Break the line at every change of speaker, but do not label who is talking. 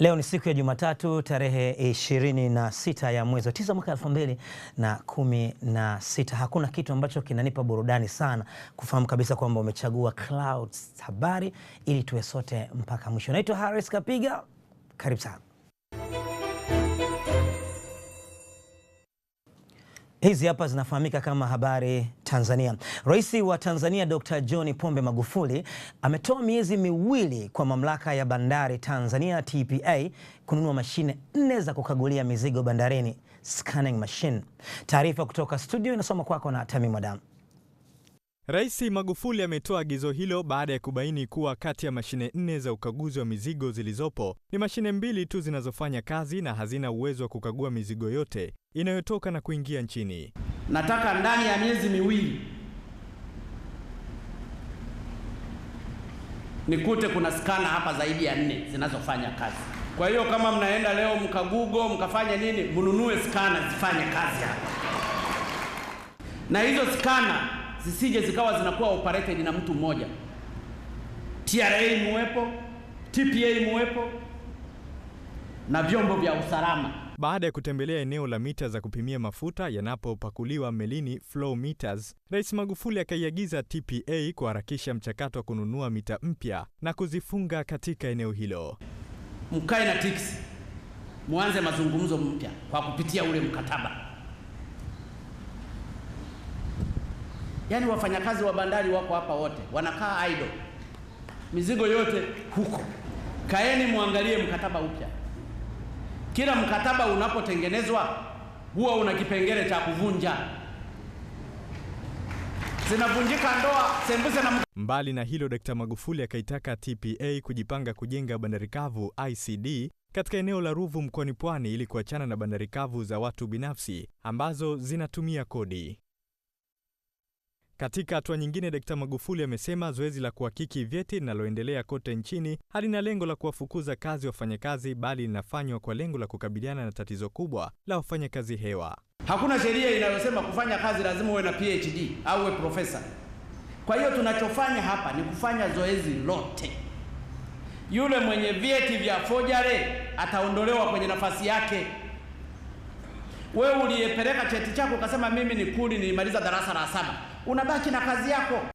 Leo ni siku ya Jumatatu tarehe 26 ya mwezi wa tisa mwaka sita. Hakuna kitu ambacho kinanipa burudani sana kufahamu kabisa kwamba umechagua Clouds Habari ili tuwe sote mpaka mwisho. Naitwa Harris Kapiga, karibu sana. Hizi hapa zinafahamika kama Habari Tanzania. Rais wa Tanzania Dr. John Pombe Magufuli ametoa miezi miwili kwa mamlaka ya bandari Tanzania TPA kununua mashine nne za kukagulia mizigo bandarini, scanning machine. Taarifa kutoka studio inasoma kwako na Tami Mwadamu.
Rais Magufuli ametoa agizo hilo baada ya kubaini kuwa kati ya mashine nne za ukaguzi wa mizigo zilizopo ni mashine mbili tu zinazofanya kazi na hazina uwezo wa kukagua mizigo yote inayotoka na kuingia nchini.
Nataka ndani ya miezi miwili nikute kuna skana hapa zaidi ya nne zinazofanya kazi. Kwa hiyo kama mnaenda leo mkagugo mkafanya nini, mnunue skana zifanye kazi hapa, na hizo skana zisije zikawa zinakuwa operated na mtu mmoja. TRA muwepo, TPA muwepo na vyombo vya usalama.
Baada ya kutembelea eneo la mita za kupimia mafuta yanapopakuliwa melini flow meters, Rais Magufuli akaiagiza TPA kuharakisha mchakato wa kununua mita mpya na kuzifunga katika eneo hilo.
Mkae na TICS, muanze mazungumzo mpya kwa kupitia ule mkataba. Yaani wafanyakazi wa bandari wako hapa wote, wanakaa idle, mizigo yote huko. Kaeni muangalie mkataba upya. Kila mkataba unapotengenezwa huwa una kipengele cha kuvunja, zinavunjika ndoa sembuse na
Mbali na hilo, Dkt. Magufuli akaitaka TPA kujipanga kujenga bandari kavu ICD katika eneo la Ruvu mkoani Pwani ili kuachana na bandari kavu za watu binafsi ambazo zinatumia kodi. Katika hatua nyingine, Dkt. Magufuli amesema zoezi la kuhakiki vyeti linaloendelea kote nchini halina lengo la kuwafukuza kazi wafanyakazi, bali linafanywa kwa lengo la kukabiliana na tatizo kubwa la wafanyakazi hewa.
Hakuna sheria inayosema kufanya kazi lazima uwe na PhD au uwe profesa. Kwa hiyo tunachofanya hapa ni kufanya zoezi lote. Yule mwenye vyeti vya forgery ataondolewa kwenye nafasi yake. Wewe uliyepeleka cheti chako ukasema mimi ni kuli nilimaliza darasa la saba unabaki na kazi yako.